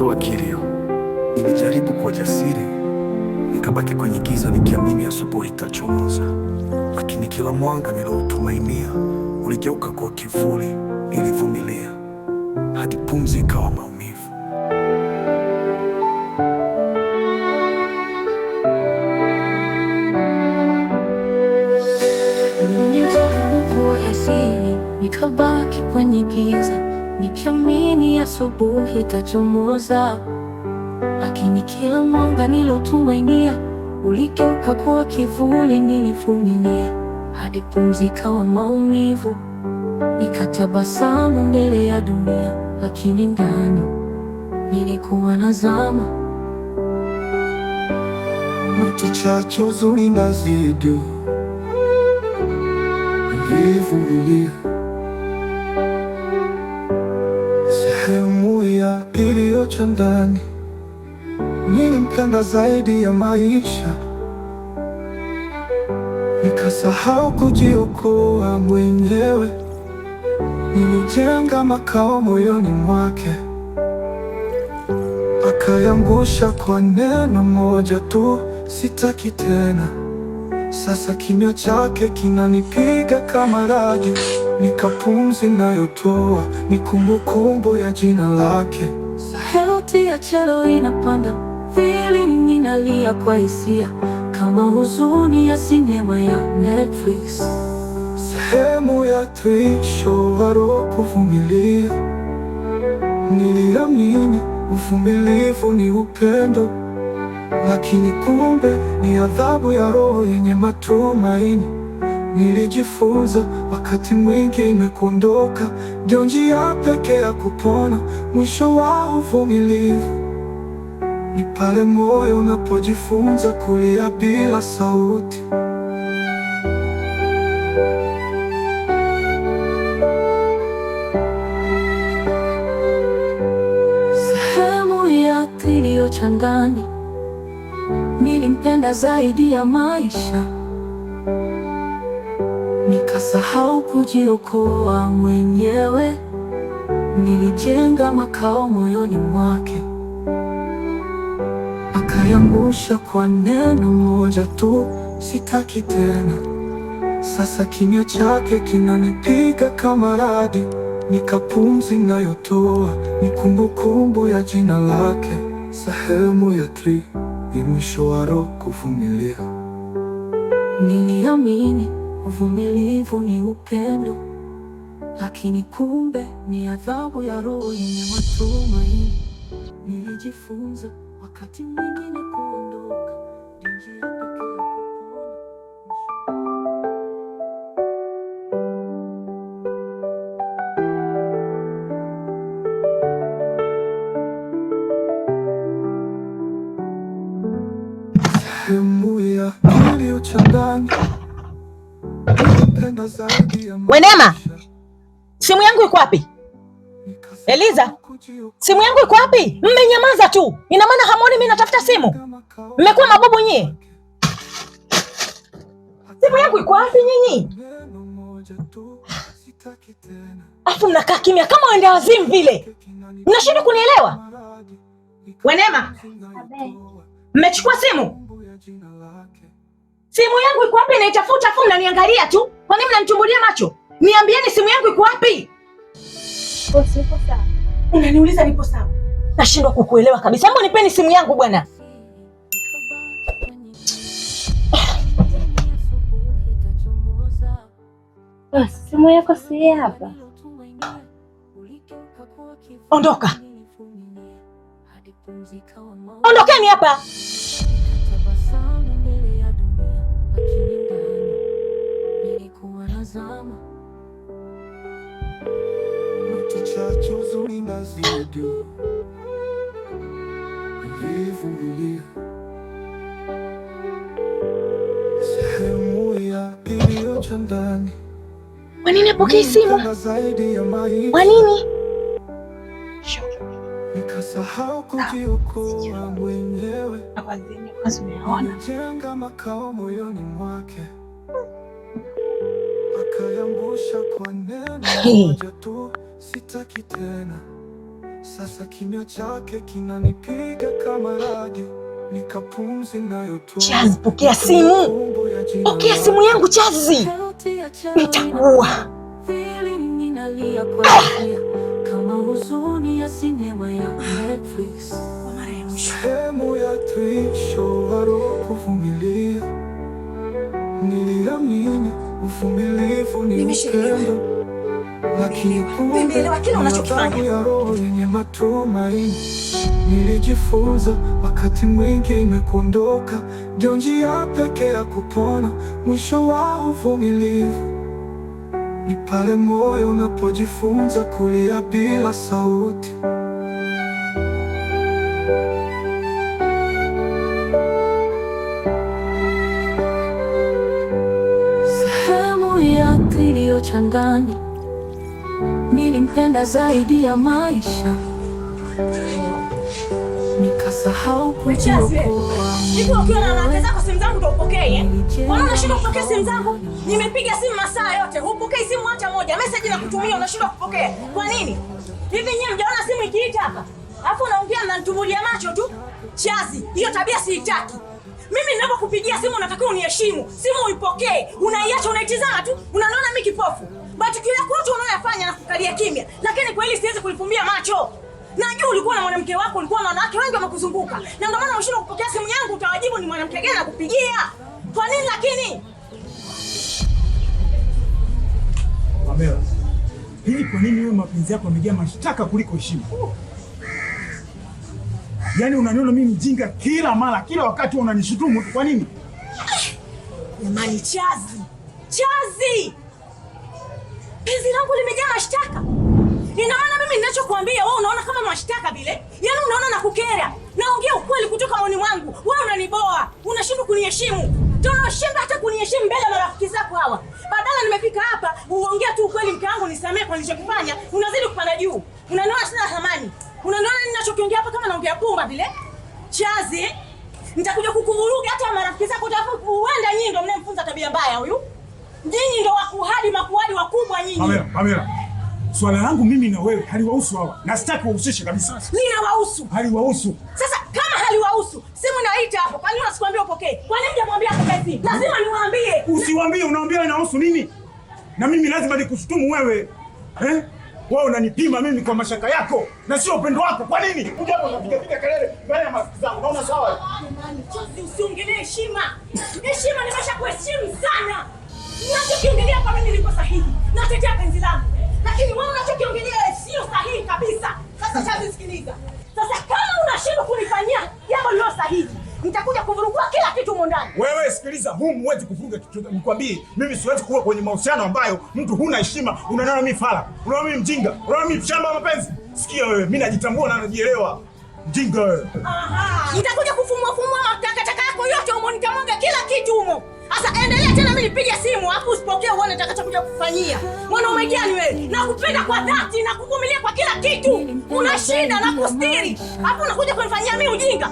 uso wa kilio. Nilijaribu kwa jasiri, nikabaki kwenye giza nikiamini asubuhi itachomoza, lakini kila mwanga niloutumainia uligeuka kwa kivuli. Nilivumilia hadi pumzi ikawa maumivu. asubuhi tachomoza lakini kila mwanga nilotumainia uligeuka kuwa kivuli. Nilivumilia hadi pumzi kawa maumivu, nikatabasamu mbele ya dunia, lakini ndani nilikuwa nazama. Mti cha chozo inazidi, nilivumilia cha ndani. Mimi mpenda zaidi ya maisha, nikasahau kujiokoa mwenyewe. Nilijenga makao moyoni mwake, akayangusha kwa neno moja tu, sitaki tena. Sasa kimya chake kinanipiga kama radi, nikapumzi nayotoa ni kumbukumbu ya jina lake ya chelo inapanda, feeling inalia kwa hisia, kama huzuni ya sinema ya Netflix. Sehemu ya tisho waro kuvumilia, niliamini uvumilivu ni upendo, lakini kumbe ni adhabu ya roho yenye matumaini. Nilijifunza wakati mwingi imekuondoka, ndio njia pekee ya kupona. Mwisho wa uvumilivu ni pale moyo unapojifunza kulia bila sauti. Sehemu ya iliyo changani nilimpenda zaidi ya maisha nikasahau kujiokoa mwenyewe. Nilijenga makao moyoni mwake, akayangusha kwa neno moja tu, sitaki tena. Sasa kimya chake kinanipiga kama radi, nikapumzi nayotoa ni kumbukumbu ya jina lake. Sehemu ya tri ni mwisho wa roho kuvumilia. Niliamini Uvumilivu ni upendo, lakini kumbe ni adhabu ya roho yenye matumaini. Nilijifunza wakati mwingi Wenema, simu yangu iko wapi? Eliza, simu yangu iko wapi? Mmenyamaza tu, ina maana hamwoni mimi natafuta simu? Mmekuwa mabubu nyie. Simu yangu iko wapi nyinyi? Afu mnakaa kimya kama waende wazimu vile, mnashindwa kunielewa. Wenema, mmechukua simu Simu yangu iko wapi? Naitafuta afu mnaniangalia tu. Kwa nini mnanichumbulia macho? Niambieni simu yangu iko wapi? Sipo sawa. Unaniuliza nipo sawa? Nashindwa kukuelewa kabisa. Hebu nipeni simu yangu bwana. simu yako si hapa. Ondoka. Ondokeni hapa. kutazama, noti chache huzuni na zidu, nilivumilia. Sehemu ya pili ya ndani. Kwa nini apokee simu? Kwa nini? Nikasahau kujiokoa ah. mwenyewe. Jenga makao moyoni mwake Sitaki tena. Sasa kimya chake kinanipiga kama radi, nikapumzi nayo tu. Chazi, pokea simu, pokea simu yangu Chazi, nitakuwa ah! sehemu ya tisho. Niliamini uvumilivu ni upendo, lakini kumbe ya roho yenye matumaini. Nilijifunza wakati mwingi imekuondoka, ndio njia pekee ya kupona. Mwisho wa uvumilivu ni pale moyo unapojifunza kulia bila sauti. chanzo cha ndani. Nilimpenda zaidi ya maisha, nikasahau eh? Unashindwa kupokea simu zangu? Nimepiga simu masaa yote, hupokei simu hata moja. Message na kutumia unashindwa kupokea. Kwa nini? Hivi nyinyi mjaona simu ikiita hapa? Alafu unaongea mnanitubulia macho tu. Chazi, hiyo tabia siitaki. Mimi ninapokupigia simu unatakiwa uniheshimu. Simu uipokee, unaiacha unaitizana tu. unaniona mimi kipofu. Matukio yako yote unayoyafanya na kukalia kimya. Lakini kweli siwezi kulifumbia macho. Najua ulikuwa na mwanamke wako, ulikuwa na wanawake wengi wamekuzunguka. Na ndio maana unashindwa kupokea simu yangu, utawajibu ni mwanamke gani nakupigia? Kwa nini lakini? Pamela, hili kwa nini wewe mapenzi yako yamejaa mashtaka kuliko heshima? Yaani unaniona mimi mjinga kila mara, kila wakati unanishutumu tu. Kwa nini? Jamani, chazi chazi, penzi langu limejaa mashtaka. Ina maana mimi ninachokuambia wewe unaona kama mashtaka vile? Yaani unaona na nakukera, naongea ukweli kutoka maoni mwangu, wewe unaniboa, unashindwa kuniheshimu tunashinda hata kuniheshimu mbele ya marafiki zako hawa. Badala nimefika hapa uongea tu ukweli, mke wangu nisamee kwa nilichokifanya, unazidi kupanda juu, unaniona sina thamani. Unaona ninachokiongea hapa kama naongea pumba vile? Chazi, nitakuja kukuvuruga hata marafiki zako utafu uenda nyinyi ndio mnemfunza tabia mbaya huyu. Nyinyi ndio wakuhadi makuhadi wakubwa nyinyi. Pamela, Pamela. Swala langu mimi na wewe haliwahusu hawa. Na sitaki uhusishe kabisa. Linawahusu. Haliwahusu. Sasa kama haliwahusu, simu naita hapo. Kwa nini unasikwambia upokee? Kwa nini hujamwambia apokee simu? Lazima niwaambie. Usiwaambie, unaambia inahusu nini? Na mimi lazima nikushutumu wewe. Eh? wewe unanipima mimi kwa mashaka yako na sio upendo wako. Kwa nini unja hapo unapiga piga kelele mbele ya marafiki zangu? Unaona sawa? Usiongelee heshima. Heshima nimeshakuheshimu sana. Ninachokiongelea kwa mimi niko sahihi. Natetea penzi langu. Lakini wewe Sikiliza, huu mwezi kufunga kitu. Nikwambie mimi siwezi kuwa kwenye mahusiano ambayo mtu huna heshima, unaona mimi fala, unaona mimi mjinga, unaona mimi shamba wa mapenzi. Sikia wewe, mimi najitambua na najielewa. Mjinga wewe. Aha. Nitakuja kufumua fumua mataka taka yako yote humo, nitamwaga kila kitu humo. Sasa endelea tena, mimi nipige simu hapo, usipokee uone nitakachokuja kufanyia. Mwanaume gani wewe? Nakupenda kwa dhati, na kukumilia kwa kila kitu. Unashinda na kustiri. Hapo unakuja kunifanyia mimi ujinga.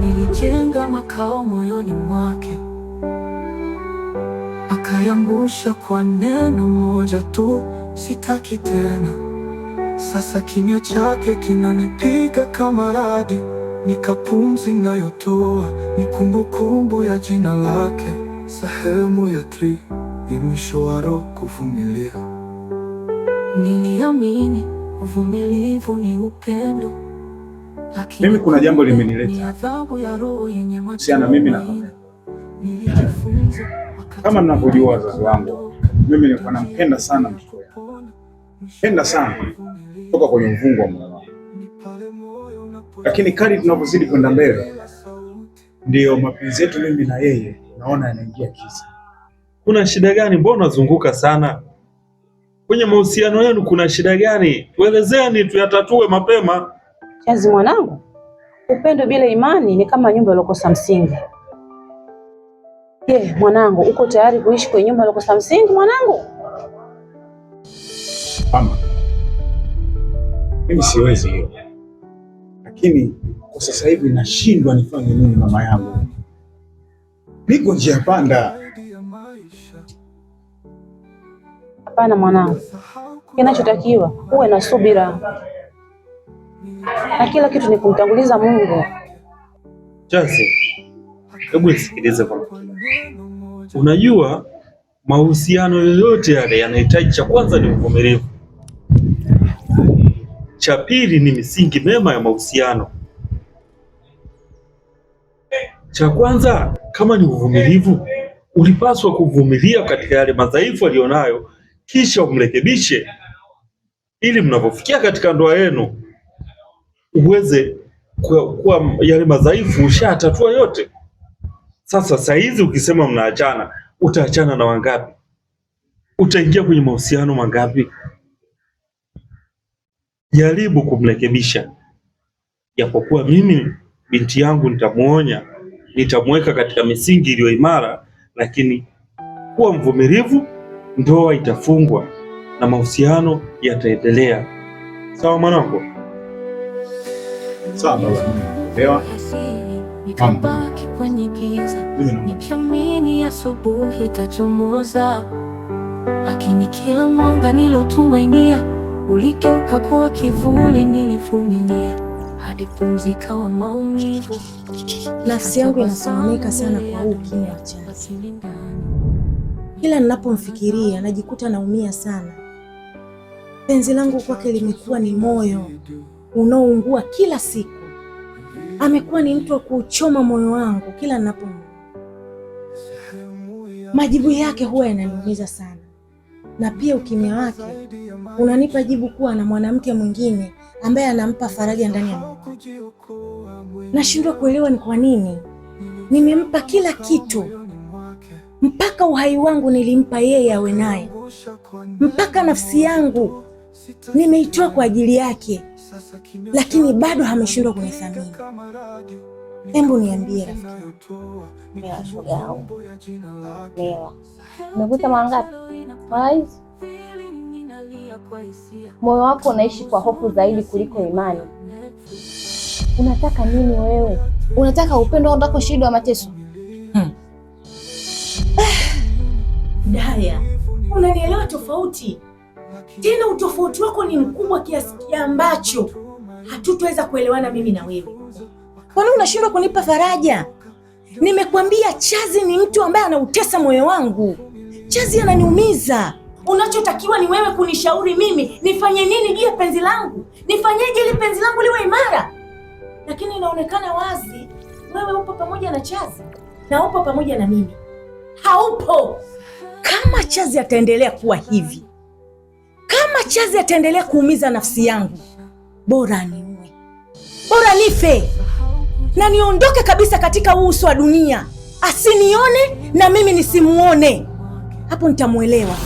Nilijenga makao moyoni mwake, akayangusha kwa neno moja tu, sitaki tena. Sasa kimya chake kinanipiga kama radi, nikapumzi inayotoa ni kumbukumbu ya jina lake. Sehemu ya tri ni mwisho wa roho kuvumilia. Niliamini uvumilivu ni upendo. Mimi kuna jambo limenileta siana mimi na kama mnavyojua wazazi wangu, mimi nilikuwa nampenda sana mtoto wangu, penda sana kutoka kwenye uvungu wa moyo wangu, lakini kadri tunavyozidi kwenda mbele, ndiyo mapenzi yetu mimi na yeye naona yanaingia kisa. Kuna shida gani? Mbona unazunguka sana? kwenye mahusiano yenu kuna shida gani? Tuelezeni tuyatatue mapema. Chazi mwanangu, upendo bila imani ni kama nyumba iliyokosa msingi. Je, mwanangu, uko tayari kuishi kwenye nyumba iliyokosa msingi mwanangu? Mama, mimi siwezi hiyo, lakini kwa sasa hivi nashindwa nifanye nini. Mama yangu, niko njia panda Hapana mwanangu, kinachotakiwa uwe na subira na kila kitu ni kumtanguliza Mungu. Chance, hebu nisikilize kwa makini. Unajua, mahusiano yoyote yale yanahitaji, cha kwanza ni uvumilivu, cha pili ni misingi mema ya mahusiano. Cha kwanza kama ni uvumilivu, ulipaswa kuvumilia katika yale madhaifu aliyonayo kisha umrekebishe, ili mnapofikia katika ndoa yenu uweze kuwa yale madhaifu ushatatua yote. Sasa saizi ukisema mnaachana, utaachana na wangapi? Utaingia kwenye mahusiano mangapi? Jaribu kumrekebisha, japokuwa mimi binti yangu nitamuonya, nitamweka katika misingi iliyo imara, lakini kuwa mvumilivu ndoa itafungwa na mahusiano yataendelea. Sawa mwanangu? Sawa baba. Ewa. Nikabaki kwenye giza nikiamini asubuhi itachomoza, lakini kila mwanga nilotumainia uligeuka kuwa kivuli nilivumilia hadi pumzi ikawa maumivu. Nafsi yangu inasononeka sana kwa huu ukimya wa kila ninapomfikiria najikuta naumia sana. Penzi langu kwake limekuwa ni moyo unaoungua kila siku. Amekuwa ni mtu wa kuuchoma moyo wangu kila ninapo. Majibu yake huwa yananiumiza sana, na pia ukimya wake unanipa jibu kuwa na mwanamke mwingine ambaye anampa faraja ndani ya moyo. Nashindwa kuelewa ni kwa nini nimempa kila kitu mpaka uhai wangu nilimpa yeye awe naye, mpaka nafsi yangu nimeitoa kwa ajili yake, lakini bado ameshindwa kunithamini. Hebu niambie rafiki, umekuta Moyo wako unaishi kwa hofu zaidi kuliko imani. Unataka nini wewe? Unataka upendo au unataka ushahidi wa mateso? hmm. Daya, unanielewa tofauti tena, utofauti wako ni mkubwa kiasi ambacho hatutaweza kuelewana mimi na wewe. nini unashindwa kunipa faraja? nimekwambia Chazi ni mtu ambaye anautesa moyo wangu. Chazi ananiumiza. Unachotakiwa ni wewe kunishauri mimi nifanye nini juu ya penzi langu, nifanyeje ili penzi langu liwe imara. Lakini inaonekana wazi wewe upo pamoja na Chazi na upo pamoja na mimi haupo. Kama Chazi ataendelea kuwa hivi, kama Chazi ataendelea kuumiza nafsi yangu, bora niue, bora nife na niondoke kabisa katika uso wa dunia, asinione na mimi nisimuone. Hapo nitamwelewa,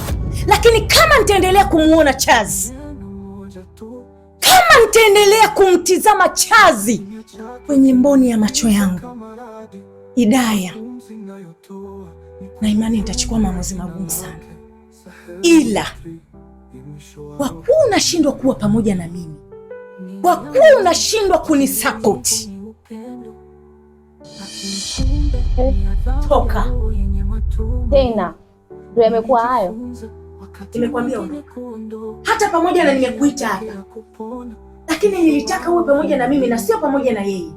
lakini kama nitaendelea kumuona Chazi, kama nitaendelea kumtizama Chazi kwenye mboni ya macho yangu, Idaya na imani nitachukua maamuzi magumu sana, ila kwa kuwa unashindwa kuwa pamoja na mimi, kwa kuwa unashindwa kunisapoti, toka tena. Ndio yamekuwa hayo, nimekwambia hata pamoja na nimekuita hapa, lakini nilitaka uwe pamoja na mimi na sio pamoja na yeye.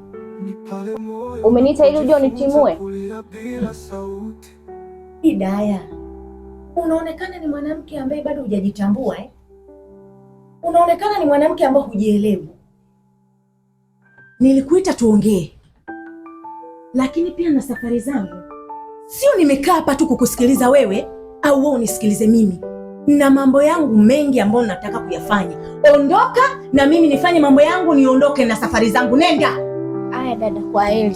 Umeniita ili uje unitimue? Hidaya, unaonekana ni mwanamke ambaye bado hujajitambua eh? Unaonekana ni mwanamke ambaye hujielewi. Nilikuita tuongee, lakini pia na safari zangu, sio nimekaa hapa tu kukusikiliza wewe au wewe unisikilize mimi. Na mambo yangu mengi ambayo nataka kuyafanya. Ondoka na mimi nifanye mambo yangu, niondoke na safari zangu. Nenda. Aya dada, kwa heri.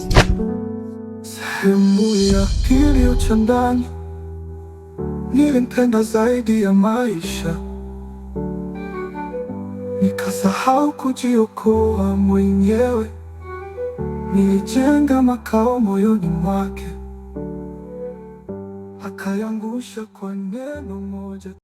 Sehemu ya pili uchandani, nilimpenda zaidi ya maisha, nikasahau kujiokoa mwenyewe. Nilijenga makao moyoni mwake, akayangusha kwa neno moja.